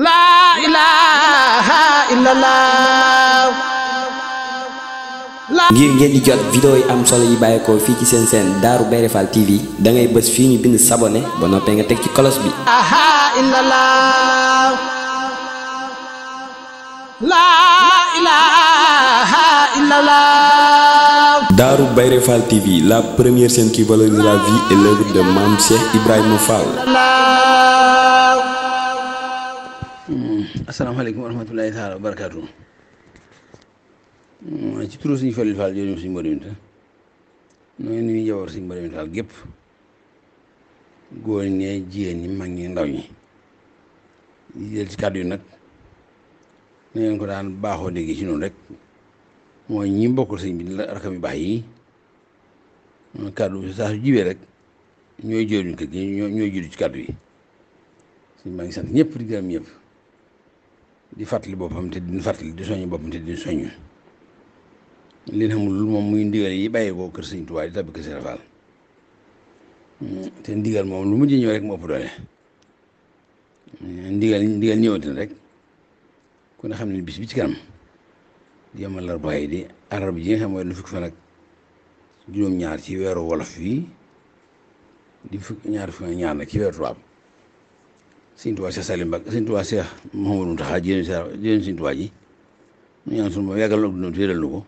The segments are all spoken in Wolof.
laa ilaaha illallaah ngir ngeen di jot vidéo yi am solo yi bàyyeekoo fii ci seen seen Darou Bairé Fall TV da bës fii ñu bind sabone ba noppee nga teg ci kolos bi. Darou Bairé Fall TV la première chaîne qui vie et l'œuvre de Mame Cheikh Ibrahima Fall. Hmm. assalamualaikum warahmatullahi rahmatulahi taala wa ci turu suñu fali fal jooju suñu Mbodj Binta ñoo ñu nuyu suñu Mbodj Binta Fall goor ñe ñee ñi mag ñi ndaw ñi di jël ci kaddu nak ñu na ko daan baaxoo déggee ci ñun rek moy ñi bokkul sëñ bi la rakami baax yi kàddu bi saa su jibee rek ñoy jëriñu kër gi ñoy jëriñu ci kaddu yi suñu maa ngi sant ñepp di gam ñepp di fàttali boppam te di fàttali di soññ boppam te di soññ li nga xamul moom muy ndigal yi bàyyi ko kër sëñ Tuubaa di tàbbi hmm, te ndigal moom lu mujj ñëw rek mu ëpp doole hmm, ndigal ndigal ñëwati na rek kon ne xam ne bis bi ci kanam di amal la yi di arab ji nga xam mooy lu fukki fan ak juróom-ñaar ci weeru wolof yi di fukki ñaar fukki ñaar nag ci weeru tubaab sëñ Tuubaa Cheikh Salim Mbacké sëñ Tuubaa Cheikh Mouhamadou Mountakha jéem sa jéem sëñ Tuubaa ji ñu ñaan suñu borom yàggal na dund téeral nu ko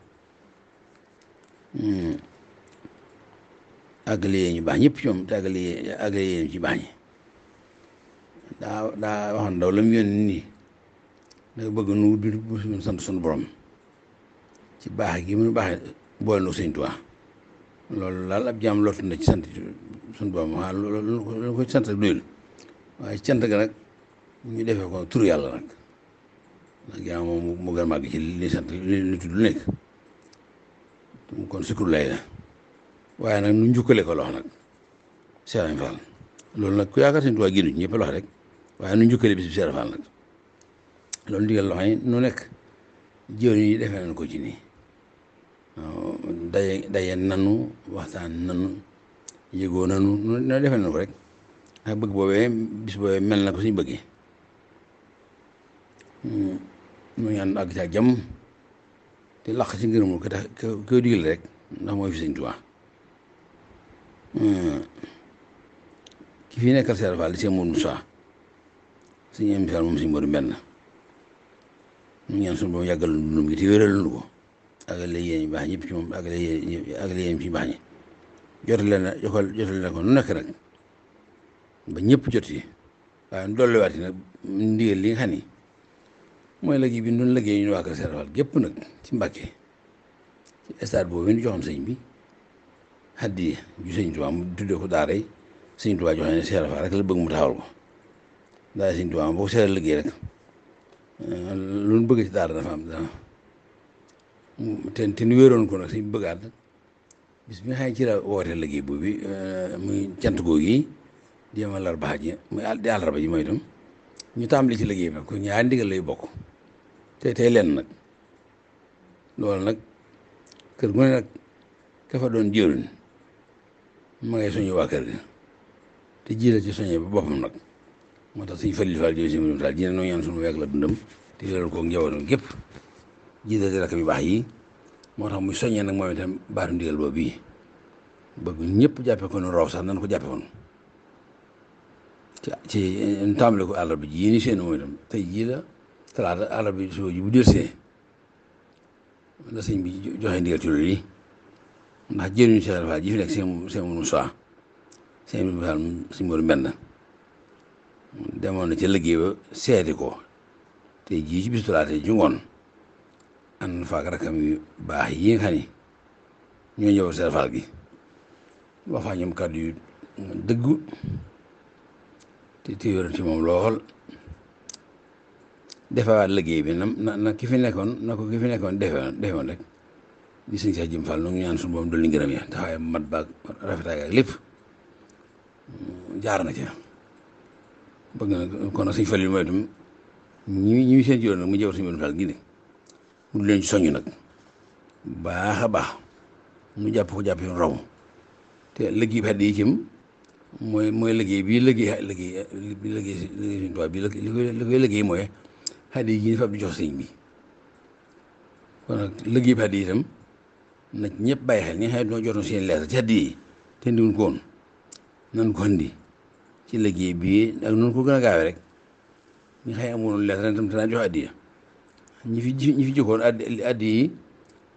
hmm. àggale yee ñu baax ñëpp ci moom te àggale yee àggale yee ñu ci baax ñi daa daa waxoon daw la mu yónni nii da bëgg nu wut di sant suñu borom ci baax gi mu baax boole nu sëñ Tuubaa loolu laal ab jaam lottu na ci sant suñu borom waaw loolu lu ko sant doyul waaye cant ga nag ñu defee ko turu yàlla nag ndax ginnaaw moom mu gën màgg ci li sant li tudd lu nekk kon sukkur lay la waaye nag nu njukkale ko lox nag Serigne Fall loolu nag ku yaakaar seen tubaab lox rek waaye nu njukkale bis bi Serigne Fall nag loxo yi nu nekk jiw yi defee nañ ko ci ni daje daje nanu waxtaan nanu yëgoo nanu nu defee nañ ko rek. ndax bëgg boobee bis boobee mel na ko suñu bëggee mu ñaan àgg ca jàmm te laq ci ngërëmul ko tax koy digal rek ndax mooy fi sëñ Tuubaa hmm. ki fi nekkal Sëriñ Faal di seen Mourou Moussa suñu émission moom suñu mbiru mel na mu ñaan suñu boobu yàggal dundum gi te wéral ko àggale yéen ñu baax ñëpp ci moom àggale yéen àggale yéen ci baax ñi jotal leen jotal leen ko nu nekk rek. ba ñëpp jot yi waaye dolliwaat yi nag ndigal li nga xam ni mooy liggéey bi ñu liggéey ñu waa Kër Serigne Fall gépp nag ci Mbàkke ci stade boobu ñu bi addiya ju sëñ mu tuddee ko daara yi sëñ Tuubaa joxe ne Serigne rek la bëgg mu taxawal ko daara sëñ Tuubaa boo ko seetal rek eh, lu ñu bëgg ci daara dafa am dana te te ñu wéeroon ko nag sëñ bëggaat bis bi nga jéem a larba ji muy di àllarba ji mooy itam ñu tàmbali ci liggéey bi nag ku ñaari ndigal lay bokk te tey leen nag loolu nag kër gu ne nag doon jëriñ ma ngay soñu waa kër gi te jiital ci soñe ba boppam nag moo tax suñ fëlil faal jooy si mu taal jine noo ñaan suñu week la dundam te leeral koo njabootam gépp jiital ci rakk bi baax yi moo tax muy soññee nag moom itam baatu ndigal boobu bii bëgg ñëpp jàppe ko raw sax nan ko jàppe woon ci ñu eh, tàmbale ko àllarba ji yéen seen moom itam tey jii la talaata àllarba ji suba ji bu déllusee la bi joxe ndigal ci loolu yi ndax jëriñu Cheikh Alpha ji fi nekk seen seen mu Moussa seen mu na ca liggéey ba seeti ko tey jii ci bisu talaata ji ngoon ànd na fa ak rakam yu baax yi nga xam gi wax fa ñoom kàddu yu te te wér ci moom lool defewaat liggéey bi na na ki fi nekkoon na ki fi nekkoon defewoon defewoon rek di sëñ Cheikh ñaan suñu boom dolli ngërëm ya taxawaay mat baag rafetaay ak lépp jaar na ca bëgg na kon nag sëñ Fall yi mooy itam ñi mu jëwar suñu boom Fall gi ne mu di leen soññ nag baax a baax mu jàpp ko jàpp yoon raw te liggéey bi xet yi cim mooy mooy liggéey bii liggéey liggéey bi liggéey liggéey Sëñ Tuubaa bi li koy liggéey mooy hadiya yi ñu fab di jox sëñ bi kon nag liggéey bi hadiya itam nag ñëpp bàyyi xel ñi nga xam ne ñoo jotoon seen leer ci hadiya yi ko woon nan ko andi a gaawee rek ñi nga xam ñi fi ñi fi jëkkoon hadiya yi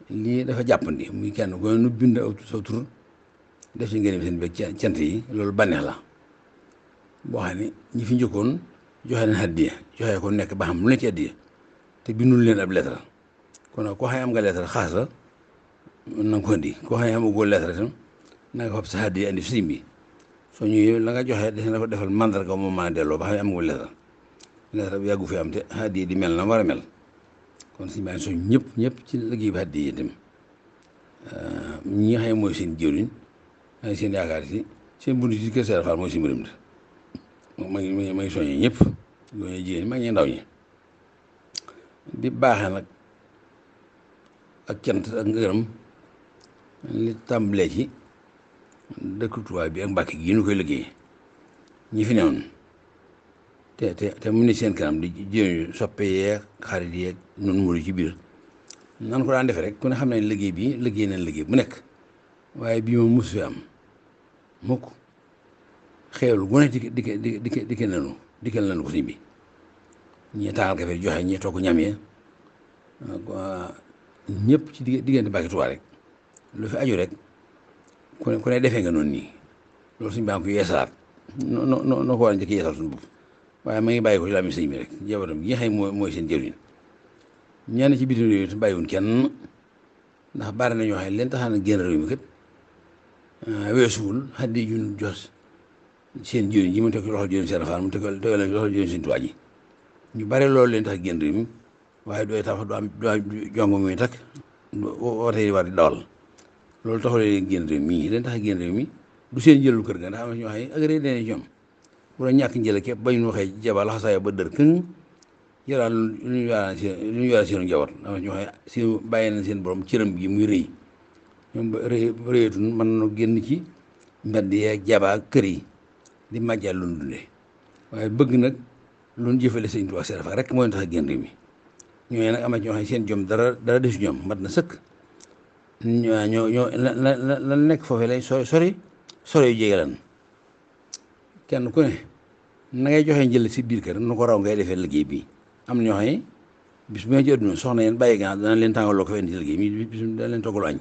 lii dafa jàppandi muy kenn ku ne nu bind aw sa tur def ci ngërëm seen bëgg cant yi loolu bànneex la boo xam ne ñi fi njëkkoon joxe leen addiya joxe ko nekk ba xam lu ne ci addiya te bindul leen ab lettre kon nag koo xam ne am nga lettre xaas la na nga ko indi koo xam ne amagoo lettre fab sa addiya indi fi bi soo ñëwee la nga joxe des na ko defal mandarga moom maa delloo ba xam ne amagoo lettre lettre bi yàggu fi am te addiya di mel na war a mel kon siñ baa ngi soñ ñëpp ñëpp ci liggéey bi addiya yi ay seen yaakaar si seen bunt si kër Sëriñ Fall mooy si mbirum de ma ngi ma ngi soññee ñëpp góor ñi jigéen ñi mag ñi ndaw ñi di baaxee nag ak cant ak ngërëm tàmbalee ci dëkku Tuubaa bi ak Mbàkke gi ñu koy liggéey ñi fi newoon te te te mu ni seen kanam di jëriñu soppe yeeg xarit yeeg noonu mu ci biir nan ko daan defee rek kon ne xam ne liggéey bi liggéey nañ liggéey bu nekk waaye bii moom mos fi am mukk xeelu gu ne di di di di di kenn nanu di kenn nanu ko sëñ bi ñi taal ka fee joxe ñi togg ñam ya ñëpp ci diggante bàkki Tuubaa rek lu fi aju rek ku ne ku ne defee nga noon nii loolu suñ baa ngi ko yeesalaat noo no noo ko war a njëkk yeesal suñu bopp waaye ma ngi bàyyi ko ci làmmiñ sëñ bi rek jabaram yi xëy mooy mooy seen jëriñ ñaan ci bitim réew yi bàyyiwuñ kenn ndax bari na ñoo xam ne leen taxaan génn réew mi kat Ah, weesuwul xaddi jun jos seen jëriñ ji mu teg loxo jëriñ seen faal mu tuwaaj yi ñu bare loolu leen tax génn réew mi waaye dooy tax du am du am jong mi tak woote yi loolu taxul leen mi leen tax génn réew mi du seen jëlul kër ga ndax am na ñoo xam ne agré dene ñoom bu la ñàkk njële képp bañ nu waxee jaba laxasaay ba dër këng yaraan lu ñu yaraan seen lu ñu yaraan na ñoo xam ne seen bàyyi nañ seen borom cëram gi muy rëy ñoom réyatun mën na génn ci mbedd yeeg jabaa kër yi di màjjal lu dundee waaye bëgg nag lu ñu jëfale sëñ Tuubaa seen rek mooy tax a génn mi ñooñu nag am na ñoo xam ne seen jom dara dara desu ñoom mat na sëkk ñoo ñoo la la la nekk foofee lay sori sori sori yu jege lan kenn ku ne na ngay joxe njël si biir kër nu ko raw ngay defee liggéey bi am na ñoo xam ne bis a ma ci àdduna soxna yéen bàyyi gànnaar dana leen tàngaloo ko fa indi liggéey bi bis dana leen toggalu añ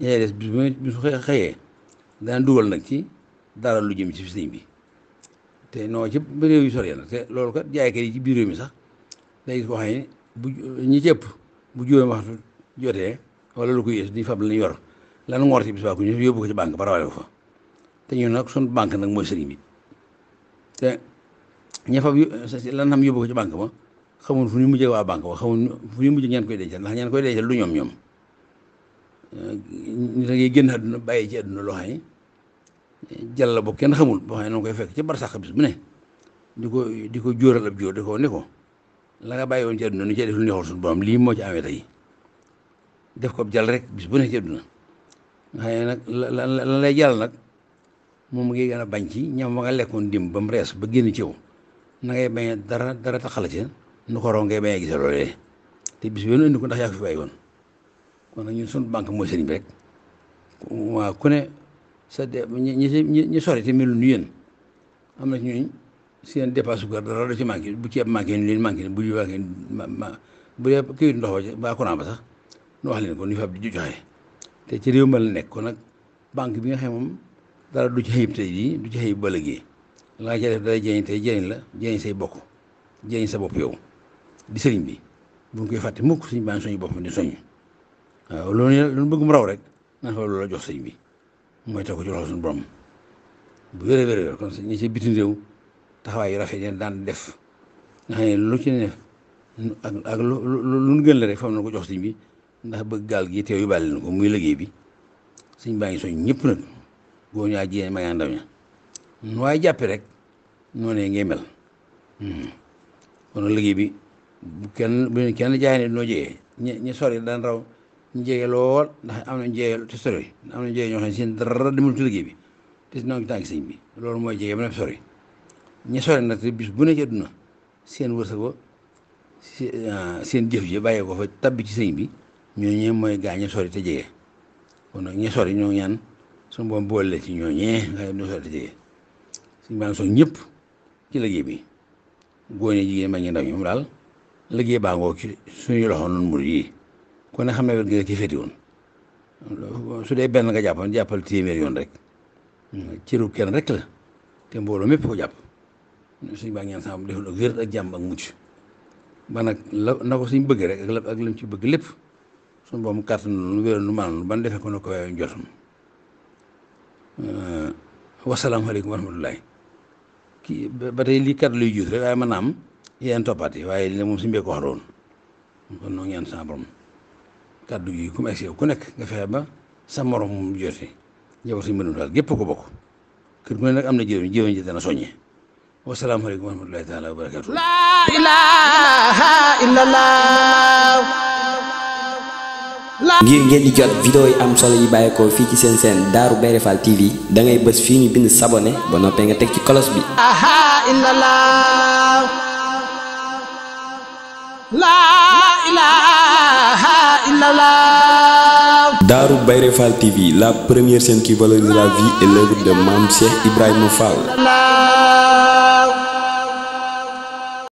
ñeneen des bis bu xëyee dana dugal nag ci dara lu jëm ci sëñ bi te non ci réew yu sori loolu kat jaaykat yi ci biir mi sax day ko bu ñi cëpp bu juróomi waxtu jotee wala lu ko di fab lañ yor lan ngoor ci bis baa ko ñu yóbbu ko banque ko fa te ñun nag nag mooy sëriñ bi te ña fab lan xam yóbbu ko ci banque ba xamul fu ñu mujjee waa banque ba xamul fu ñu mujjee ñaan koy dencal ndax ñaan koy dencal lu ñoom ñoom ñu da ngay génn àdduna bàyyi ci àdduna loxo xam jal la bu kenn xamul boo xam ne na koy fekk ci barsax bis bu ne di ko di ko jóoral ab jóor di ko ne ko la nga bàyyi woon ci àdduna nu cee def lu lii moo ci amee tey ko jàll rek bis bu ne nag la la lay jàll nag moom mu ngi gën a bañ ci ñam ma nga lekkoon dim ba mu rees ba génn ci na ngay bañ dara dara taxala ci nu ko raw ngay bañ a gise loolee te bis bi indi ko ndax yaa ko fi bàyyi woon kon nag ñun suñu banque mooy sëriñ bi rek waaw ku ne sa de ñi ñi sori te melu nu yéen am na ñooñ seen dépasse kër dara da ci manqué bu ceeb manqué ñu leen manqué bu ñu manqué bu dee këyit ndox wa ba sax nu leen ko nu fab di joxe te ci réew ma la nekk kon nag banque bi nga xam moom dara du ci xëyib tey jii du ci xëyib ba léegi laa ca def dara jëriñ tey jëriñ la jëriñ say bokk jëriñ sa bopp yow di sëriñ bi bu ñu koy fàtte mukk suñu baan soñu bopp di soñu waaw loolu yëpp bëgg mu raw rek na fa loolu la jox sëñ bi mooy tax ko ci loxo suñu borom bu wér a wér wér kon ñi ci bitim réew taxawaay yu rafet yi daan def nga xam ne lu ci ne ak ak lu lu gën la rek fam na ko jox sëñ bi ndax bëgg gaal gi teew yu bàyyi leen ko muy liggéey bi sëñ baa ngi soñ ñëpp nag góor ñaa jigéen ma ngaa ndaw waaye jàppe rek noonu ngay mel hmm. kon liggéey bi bu kenn kenn jaay ne noo jiyee ñi ñi sori daan raw. njëge lool ndax am na njëge te sori am na njëge ñoo seen dara demul ci liggéey bi te noo ngi bi loolu mooy jege ba ne sori ñi sori nag bis bu ne ci àdduna seen wërsëg ba ah, seen jëf ji bàyyi ko fa tabbi ci sëñ bi ñooñee mooy gaañu sori te jege kon nag ñi sori ñoo ñaan suñu boom boole ci ñooñee nga ñu sori jege suñu baa ngi soog ñëpp ci liggéey bi góor ñi jigéen mag ñi ndaw daal liggéey baa ngoo ci suñu loxo noonu mur yi kon nag xam ne wet gi ci féeti woon su dee benn nga jàppoon jàppal téeméer yoon rek cëru kenn rek la te mbooloo mépp ko jàpp suñ baa ñaan sama defal ak wér ak jàmm nag la na ko suñ bëgg rek ak lam ci bëgg lépp suñ boobu ban defee ko na ko waaye njotam wasalaamaaleykum ba tey lii kat luy juut rek waaye mën naa am yéen toppaat waaye li moom suñ bee ko waxoon kon noo ñaan sama borom kaddu yi ku mu ku nek nga fexe ba sa morom mu jote njaboot suñu mbëndum daal gépp ko bokk kër mu ne amna jëw jëw ñi dana ji wa salaamu alaykum wa rahmatullahi taala wa barakatuh la ilaha illallah ngir ngeen di jot vidéo yi am solo yi bayiko fi ci sen sen daru berefal TV da ngay beus fi ñu bind s'abonner ba noppee nga tek ci kolos bi. aha la ilaha daaru Darou Bayré Fall TV, la première chaîne qui valorise la vie et l'œuvre de Mame Cheikh Ibrahima Fall.